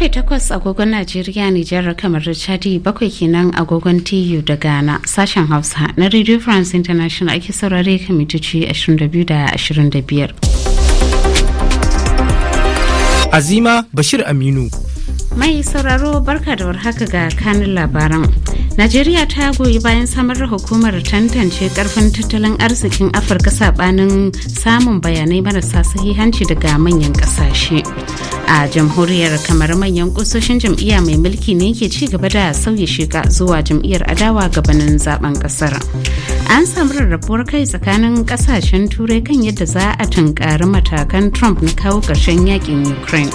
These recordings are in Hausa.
karfe takwas agogon najeriya nijar kamar chadi bakwai kenan agogon tu da ghana sashen hausa na radio france international ake saurare kan mitoci 22 25 azima bashir aminu mai sauraro barka da warhaka ga kanin labaran najeriya ta goyi bayan samar da hukumar tantance karfin tattalin arzikin afirka sabanin samun bayanai marasa sahihanci daga manyan kasashe a jamhuriyar kamar manyan kusoshin jam'iyya mai mulki ne ke ci gaba da sauya shiga zuwa jam'iyyar adawa gabanin zaben kasar an samu rarrabuwar kai tsakanin kasashen turai kan yadda za a tunkari matakan trump na kawo ƙarshen yakin ukraine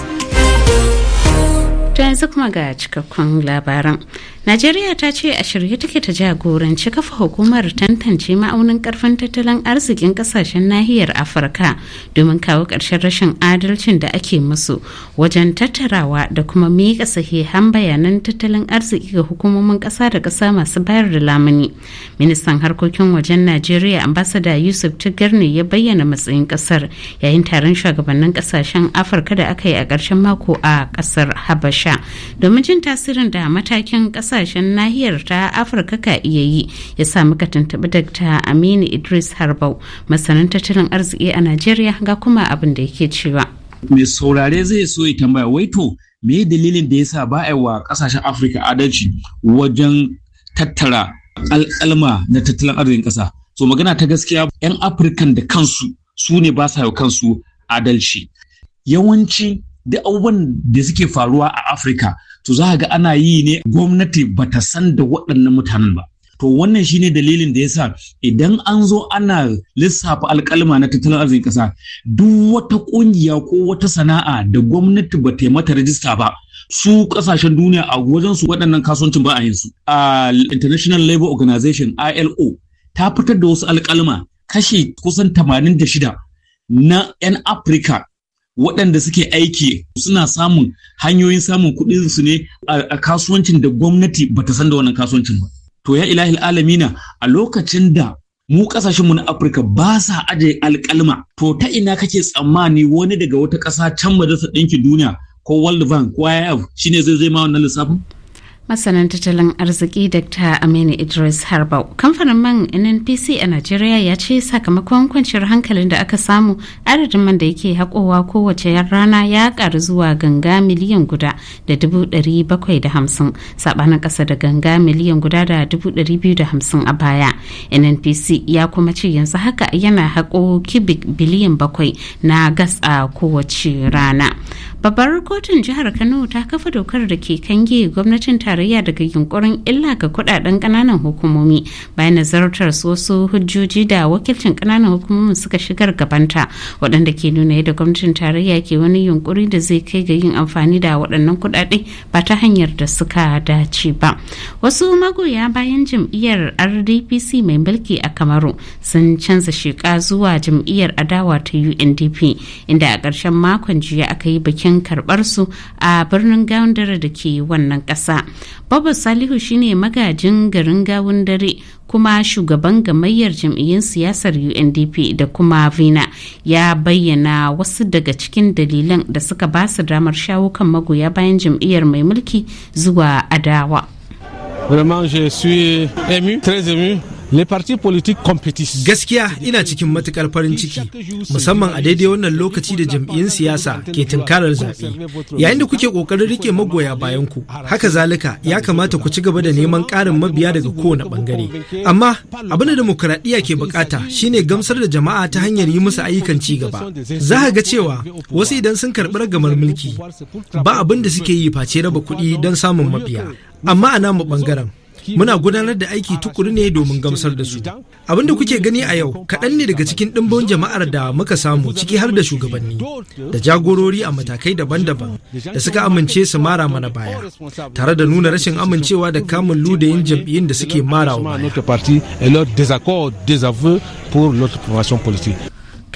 ta yanzu kuma ga cikakkun labaran najeriya ta ce a shirye take ta jagoranci kafa hukumar tantance ma'aunin karfin tattalin arzikin kasashen nahiyar afirka domin kawo ƙarshen rashin adalcin da ake musu wajen tattarawa da kuma miƙa sahihan bayanan tattalin arziki ga hukumomin ƙasa da ƙasa masu bayar da lamuni ministan harkokin wajen najeriya ambasada yusuf tigarni ya bayyana matsayin ƙasar yayin taron shugabannin ƙasashen afirka da aka yi a ƙarshen mako a ƙasar habasha domin jin tasirin da matakin ƙasa kasashen nahiyar ta afirka ka iya yi ya sa muka tuntuɓi dakta aminu idris harbau masanin tattalin arziki a najeriya ga kuma abin da yake cewa mai saurare zai so ya tambaya to me dalilin da yasa ba a wa kasashen afirka adalci wajen tattara al'alma na tattalin arzikin ƙasa so magana ta gaskiya 'yan afirkan da kansu su ne ba sa kansu adalci yawanci duk abubuwan da suke faruwa a afirka to za ga ana yi ne gwamnati ba ta san da waɗannan mutanen ba to wannan shi ne dalilin da ya sa idan an zo ana lissafa alkalma na tattalin arzikin ƙasa duk wata ƙungiya ko wata sana'a da gwamnati ba ta yi mata rajista ba su ƙasashen duniya a wajen su waɗannan kasuwancin ba a yin su a international labour organization ilo ta fitar da wasu alkalma kashi kusan 86 na 'yan afirka waɗanda suke aiki suna samun hanyoyin samun kuɗin su ne a kasuwancin da gwamnati bata san da wannan kasuwancin ba to ya ilahil alamina a lokacin da mu kasashenmu na Afirka ba sa ajiye alƙalma to ta ina kake tsammani wani daga wata ƙasa can majalisar ɗinkin duniya ko World Bank ko IF shine zai zai ma wannan lissafin masanin tattalin arziki dr aminu idris harbau kamfanin man nnpc a najeriya ya ce sakamakon kwanciyar hankalin da aka samu adadin man da yake haƙowa kowace rana ya ƙaru zuwa ganga miliyan guda da dubu ɗari bakwai da hamsin saɓanin ƙasa da ganga miliyan guda da dubu ɗari biyu da hamsin a baya nnpc ya kuma ce yanzu haka yana haƙo kibik biliyan bakwai na gas a kowace rana babbar kotun jihar kano ta kafa dokar da ke kange gwamnatin ta tarayya daga yunkurin illa ga kudaden kananan hukumomi bayan nazartar su wasu hujjoji da wakilcin kananan hukumomin suka shigar gabanta waɗanda ke nuna yadda gwamnatin tarayya ke wani yunkuri da zai kai ga yin amfani da waɗannan kudade ba ta hanyar da suka dace ba wasu magoya bayan jam'iyyar rdpc mai mulki a kamaru sun canza sheka zuwa jam'iyyar adawa ta UNDP inda a ƙarshen makon jiya aka yi bikin karɓar su a birnin Gaundare da ke wannan ƙasa. Baba Salihu shine magajin garin gawun dare kuma shugaban gamayyar jam'iyyun siyasar UNDP da kuma Vina ya bayyana wasu daga cikin dalilan da suka ba su damar shawo kan magoya bayan jam'iyyar mai mulki zuwa adawa. Vraiment, je suis ému, très ému gaskiya ina cikin matukar farin ciki musamman a daidai wannan lokaci da jam'iyyun siyasa ke tunkarar zaɓe yayin da kuke ƙoƙarin rike magoya bayan ku haka zalika ya kamata ku ci gaba da neman ƙarin mabiya daga kowane ɓangare amma abin da demokuraɗiyya ke bukata shine gamsar da jama'a ta hanyar yi musu ayyukan ci gaba za ga cewa wasu idan sun karɓi ragamar mulki ba abin da suke yi face raba kuɗi don samun mabiya amma a namu ɓangaren muna gudanar da aiki tukuru ne domin gamsar da su abinda kuke gani a yau kaɗan ne daga cikin ɗimbin jama'ar da muka samu ciki har da shugabanni da jagorori a matakai daban-daban da suka amince su mara mana baya tare da nuna rashin amincewa da kamun ludayin jam'iyyun da suke mara wa baya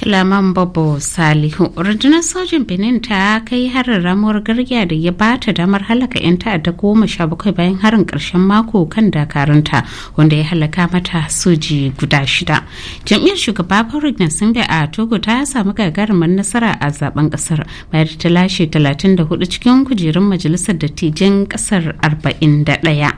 Kilaman Babu Salihu. Rundunar sojin Benin ta kai harin ramuwar gargiya da ya bata damar halaka 'yan ta'adda goma sha bakwai bayan harin karshen mako kan dakarunta wanda ya halaka mata soji guda shida. Jam'iyyar shugaba Farouk Nasimbe a Togo ta samu gagarumin nasara a zaben kasar bayan ta lashe 34 cikin kujerun majalisar dattijan kasar 41.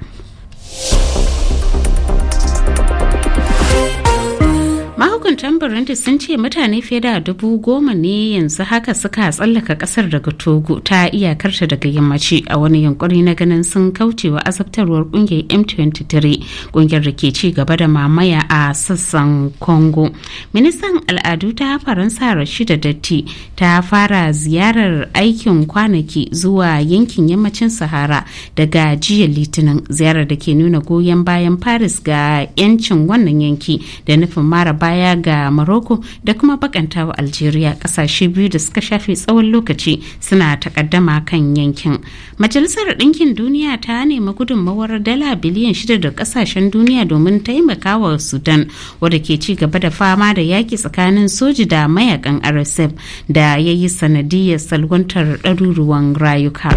mahukuntan burundi sun ce mutane fiye da dubu goma ne yanzu haka suka tsallaka kasar daga togo ta iyakarta daga yammaci a wani yankuri na ganin sun kauce wa azabtarwar kungiyar m23 kungiyar da ke ci gaba da mamaya a sassan congo ministan al'adu ta faransa rashida datti ta fara ziyarar aikin kwanaki zuwa yankin yammacin sahara daga jiya litinin ziyarar da ke nuna goyon bayan paris ga 'yancin wannan yanki da nufin mara baya ga ga Morocco da kuma bakantawa Algeria kasashe biyu da suka shafe tsawon lokaci suna takaddama kan yankin. Majalisar Ɗinkin Duniya ta nemi gudunmawar dala biliyan shida da kasashen duniya domin taimakawa Sudan wadda ke ci gaba da fama da yaki tsakanin soji da mayakan RSF da ya yi sanadiyar salwantar ɗaruruwan rayuka.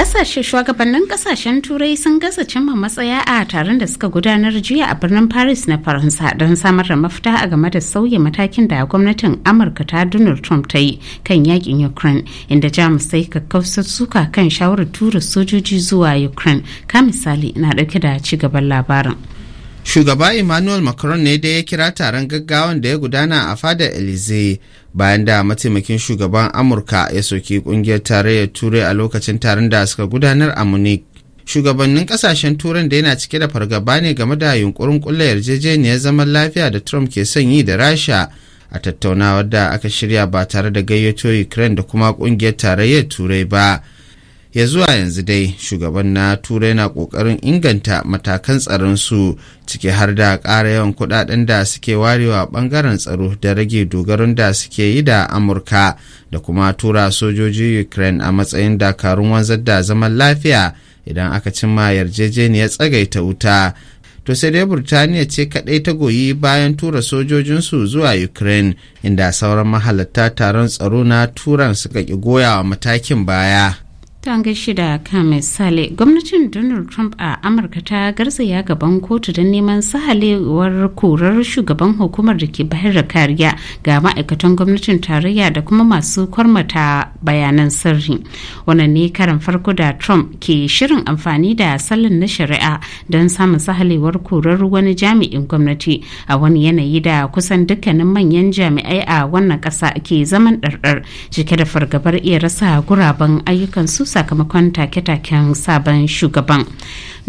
kasashe shugabannin kasashen turai sun gaza cimma matsaya a taron da suka gudanar jiya a birnin paris na faransa don samar da mafita a game da sauya matakin da gwamnatin amurka ta donald trump ta yi kan yakin ukraine inda jamus ta yi kakkausar suka kan shawarar tura sojoji zuwa ukraine ka misali na dauke da ci gaban labarin shugaba emmanuel macron ne da ya kira taron gaggawan da ya gudana a fada elize bayan da mataimakin shugaban amurka ya soki kungiyar tarayyar turai a lokacin taron da suka gudanar a munich shugabannin kasashen turan da yana cike da fargaba ne game da yunkurin kulla yarjejeniyar zaman lafiya da trump ke son yi da rasha a tattaunawar da aka shirya ba tare da gayyato ukraine da kuma kungiyar tarayyar turai ba ya zuwa yanzu dai shugaban na turai na kokarin inganta matakan tsaron su ciki har da ƙara yawan kudaden da suke warewa bangaren tsaro da rage dogaron da suke yi da amurka da kuma tura sojoji ukraine a matsayin dakarun wanzar da zaman lafiya idan aka cimma yarjejeniyar tsagaita wuta to sai dai burtaniya ce kaɗai ta goyi bayan tura sojojinsu zuwa ukraine inda sauran mahalatta taron tsaro na turan suka ƙi goya wa matakin baya ta gaishe da kamis sale gwamnatin donald trump a amurka ta garzaya gaban kotu don neman sahalewar korar shugaban hukumar da ke bayar da kariya ga ma'aikatan gwamnatin tarayya da kuma masu kwarmata bayanan sirri wannan ne karan farko da trump ke shirin amfani da salin na shari'a don samun sahalewar korar wani jami'in gwamnati a wani yanayi da kusan dukkanin manyan jami'ai a wannan ƙasa ke zaman ɗarɗar cike da fargabar iya rasa guraben ayyukan su. sakamakon take-taken sabon shugaban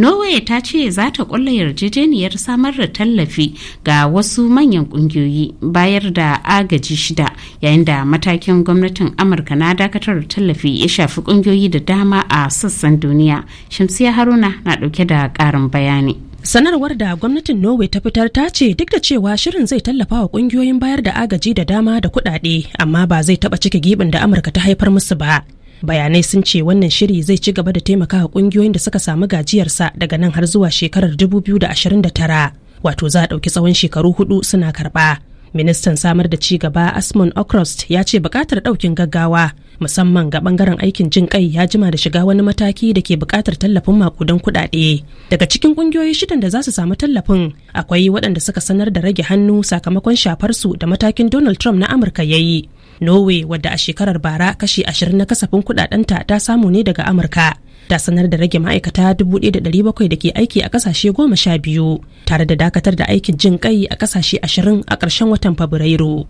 norway ta ce za ta kulla yarjejeniyar samar da tallafi ga wasu manyan kungiyoyi bayar da agaji shida yayin da matakin gwamnatin amurka na dakatar da tallafi ya shafi kungiyoyi da dama a sassan duniya shamsiya haruna na dauke da karin bayani sanarwar da gwamnatin norway ta fitar ta ce duk da cewa shirin zai tallafa wa kungiyoyin bayar da agaji da dama da kudade amma ba zai taba cike gibin da amurka ta haifar musu ba bayanai sun ce wannan shiri zai ci gaba da taimakawa kungiyoyin da suka samu gajiyarsa daga nan har zuwa shekarar 2029 wato za a ɗauki tsawon shekaru hudu suna karɓa ministan samar da ci gaba asmon okrost ya ce bukatar ɗaukin gaggawa musamman ga bangaren aikin jin kai ya jima da shiga wani mataki da ke bukatar tallafin makudan kudade. daga cikin ƙungiyoyi shidan da za su samu tallafin akwai waɗanda suka sanar da rage hannu sakamakon shafarsu da matakin donald trump na amurka ya yi norway wadda a shekarar bara kashi 20 na kasafin kudadenta ta samu ne daga amurka ta sanar da rage ma'aikata 1,700 da ke aiki a kasashe goma sha biyu tare da dakatar da aikin jin kai a kasashe 20 a ƙarshen watan fabrairu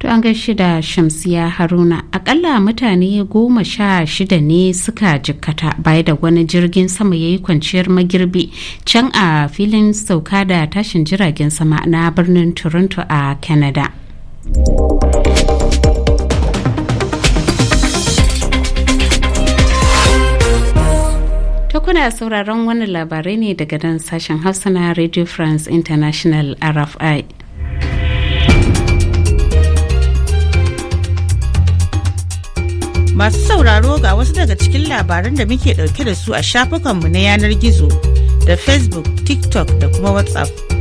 To an gaishe da Shamsiya Haruna akalla mutane goma sha shida ne suka jikkata baya da wani jirgin sama ya yi kwanciyar magirbi can a filin sauka da tashin jiragen sama na birnin Toronto a Canada. kuna sauraron wannan labarai ne daga nan sashen Hausa na Radio France International RFI. Masu sauraro ga wasu daga cikin labaran da muke ɗauke da su a shafukanmu na yanar gizo da Facebook, TikTok da kuma WhatsApp.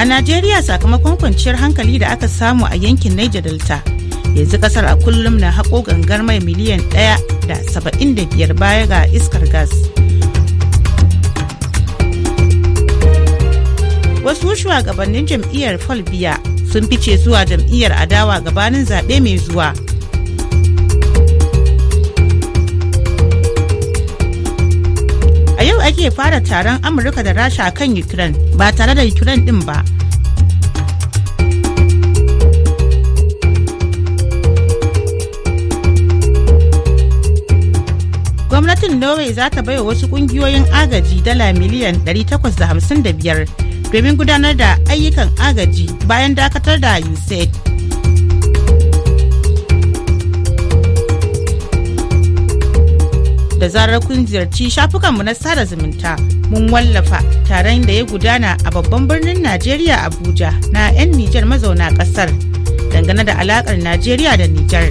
A Najeriya sakamakon kwanciyar hankali da aka samu a yankin Niger Delta yanzu kasar a kullum na haƙo gangar mai miliyan ɗaya da saba'in da biyar baya ga iskar gas. Wasu shugabannin jam'iyyar Folbiya sun fice zuwa jam'iyyar adawa gabanin zaɓe mai zuwa. a yau ake fara taron amurka da rasha kan ukraine ba tare da ukraine din ba gwamnatin norway za ta baiwa wasu kungiyoyin agaji dala miliyan 855 domin gudanar da ayyukan agaji bayan dakatar da usaid da zarar kun ziyarci shafukanmu na sada zumunta mun wallafa taron da ya gudana a babban birnin Najeriya Abuja na 'yan Nijar mazauna ƙasar dangane da alaƙar Najeriya da Nijar.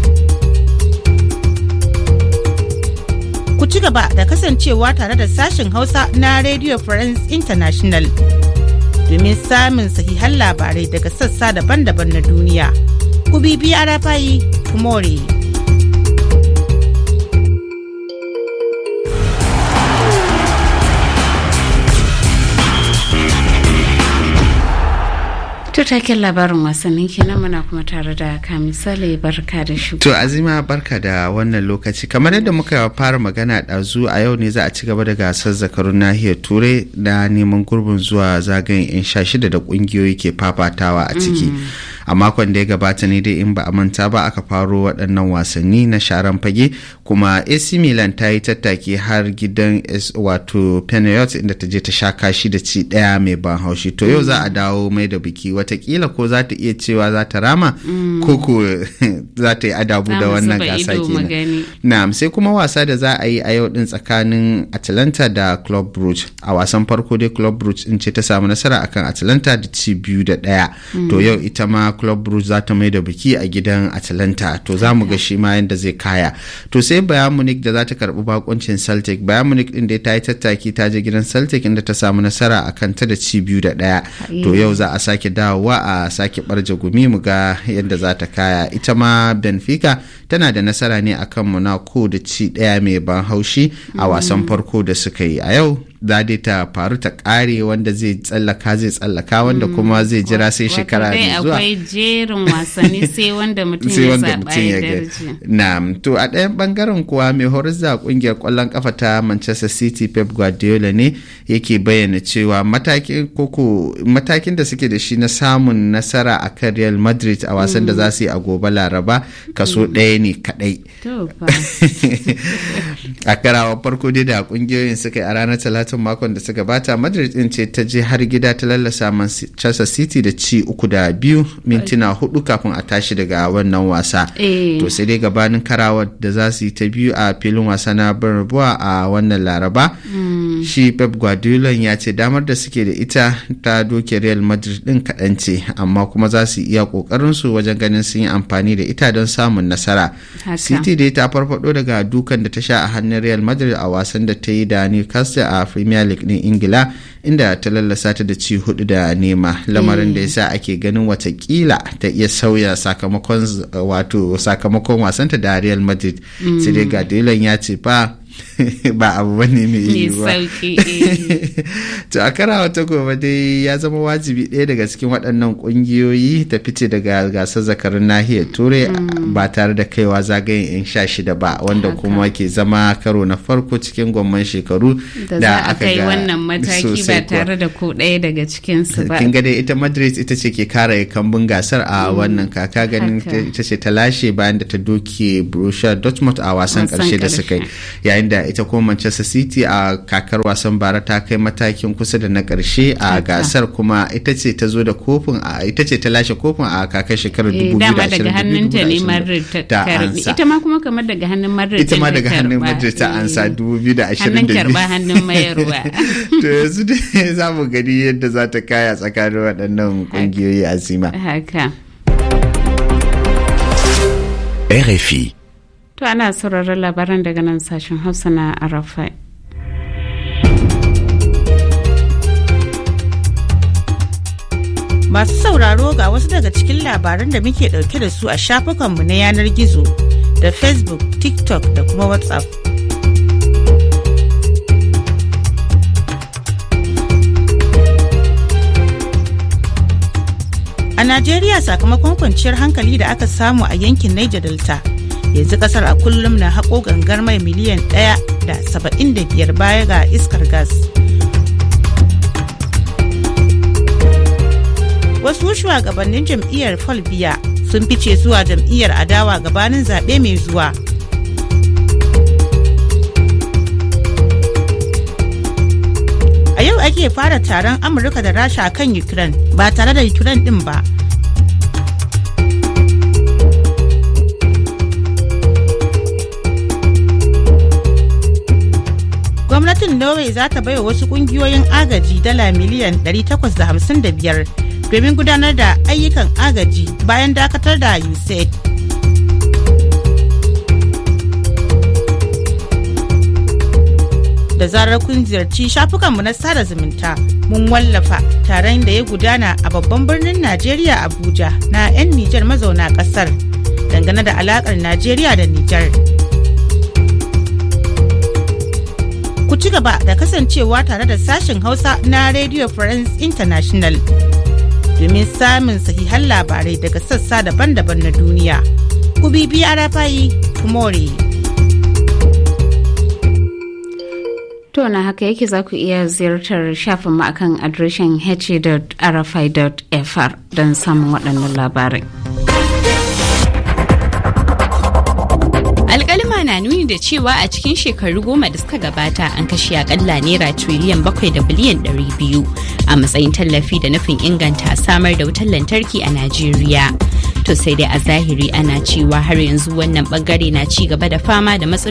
Ku ci gaba da kasancewa tare da sashen Hausa na Radio France International domin samun sahihan labarai daga sassa daban-daban na duniya. Ku bibiya rafayi kumore. To taken labarin wasannin kenan muna kuma tare da kamisale barka da shi. To azima barka da wannan lokaci kamar yadda muka fara magana ɗazu a yau ne za a ci gaba da gasar zakarun nahiyar turai da neman gurbin zuwa zagayen 'yan sha shida da ƙungiyoyi ke fafatawa a ciki. Mm. a makon da ya gabata ne dai in ba a manta ba aka faro waɗannan wasanni na sharan fage kuma ac milan ta yi tattaki har gidan wato penayot inda ta je ta sha kashi da ci ɗaya mai ban haushi to yau za a dawo mai da biki watakila ko za ta iya cewa za ta rama mm. ko ko za ta yi adabu da wannan gasa kenan na'am sai kuma wasa da za a yi a yau din tsakanin atlanta da club brugge a wasan farko dai club brugge in ce ta samu nasara akan atlanta da ci biyu da daya mm. to yau ita ma club brugge za ta mai da biki a gidan atlanta to za mu ga shi ma yadda zai kaya to sai bayan munich da za ta karbi bakuncin celtic bayan munich din da ta yi tattaki ta je gidan celtic inda ta samu nasara a ta da ci biyu da daya to yau za a sake dawowa a sake barje gumi mu ga yadda za ta kaya ita ma benfica tana da nasara ne akan monaco da ci daya mai ban haushi a wasan mm. farko da suka yi a yau za dai ta faru ta kare wanda zai tsallaka zai tsallaka wanda hmm. kuma zai jira sai shekara da zuwa akwai jerin wasanni sai wanda mutum ya saba ya darje na'am to a ɗayan bangaren kuwa mai horar da kungiyar kwallon kafa ta Manchester City Pep Guardiola ne yake bayyana cewa matakin koko matakin da suke da shi na samun nasara a kan Real Madrid a wasan da hmm. za su yi a gobe Laraba kaso hmm. ɗaya ne kadai a karawa farko dai da kungiyoyin suka yi a ranar Talata talatin makon da su gabata madrid din ce ta je har gida ta lallasa manchester city da ci uku da biyu mintuna hudu kafin a tashi daga wannan wasa eh. to sai dai gabanin karawar da za su yi ta biyu a filin wasa na barbuwa a wannan laraba hmm. shi pep guardiola ya ce damar da suke da ita ta doke real madrid din kaɗan ce amma kuma za su iya kokarin su wajen ganin sun yi amfani da ita don samun nasara city dai ta farfado daga dukan da ta sha a hannun real madrid a wasan da ta yi da newcastle a premier league ne ingila inda ta lallasa ta da ci hudu da nema lamarin da yasa mm. ake ganin watakila ta iya sauya sakamakon wato sakamakon wasanta da real madrid sai dai mm. ya ce fa ba abu bane mai ba eh. to a kara wata gobe dai ya zama wajibi ɗaya daga cikin waɗannan ƙungiyoyi ta fice daga gasar zakarun nahiyar turai mm. ba tare da kaiwa zagayen yan sha shida ba wanda kuma ke zama karo na farko cikin gwamman shekaru da aka ga wannan mataki ba tare da ko ɗaya daga cikin su ba kin ga dai ita madrid ita ce ke kare kambun gasar a mm. wannan kaka ganin ita ce ta lashe bayan da ta doke borussia dortmund a wasan karshe da suka yi yayin da ita ko manchester city a kakar wasan bara ta kai matakin kusa da na karshe a gasar kuma ita ce ta zo da kofin a ita ce ta lashe kofin a kakar shekarar 2020 eh, da da ita ma kuma kamar daga hannun madrid ita ma daga hannun madrid ta eh, ansa 2022 to yanzu dai za mu gani yadda za ta kaya tsakanin waɗannan kungiyoyi azima haka RFI To ana sauraron labaran daga nan sashen Hausa na Arafa. Masu sauraro ga wasu daga cikin labaran da muke ɗauke da su a shafukanmu na yanar gizo da Facebook, TikTok da kuma WhatsApp. A Najeriya sakamakon kwanciyar hankali da aka samu a yankin Niger Delta. yanzu kasar a kullum na haƙo gangar mai miliyan ɗaya da saba'in da biyar baya ga iskar gas wasu shugabannin jam'iyyar folbiya sun fice zuwa jam'iyyar adawa gabanin zaɓe mai zuwa a yau ake fara taron amurka da rasha kan ukraine ba tare da ukraine ɗin ba gwamnatin norway za ta baiwa wasu kungiyoyin agaji dala miliyan 855 domin gudanar da ayyukan agaji bayan dakatar da usaid da zarar kun ziyarci shafukanmu na sada zumunta mun wallafa taron da ya gudana a babban birnin najeriya abuja na 'yan nijar mazauna ƙasar, dangane da alaƙar najeriya da nijar. ci gaba da kasancewa tare da sashen Hausa na Radio France International domin samun sahihan labarai daga sassa daban-daban na duniya. Ku Arafayi Kumore. To na haka yake za ku iya ziyartar shafin akan adireshin h.rfi.fr don samun waɗannan labarai. da cewa a cikin shekaru goma da suka gabata an kashe akalla naira tiriliyan bakwai da biliyan ɗari biyu a matsayin tallafi da nufin inganta samar da wutar lantarki a Najeriya. To sai dai a zahiri ana cewa har yanzu wannan bangare na ci gaba da fama da matsalolin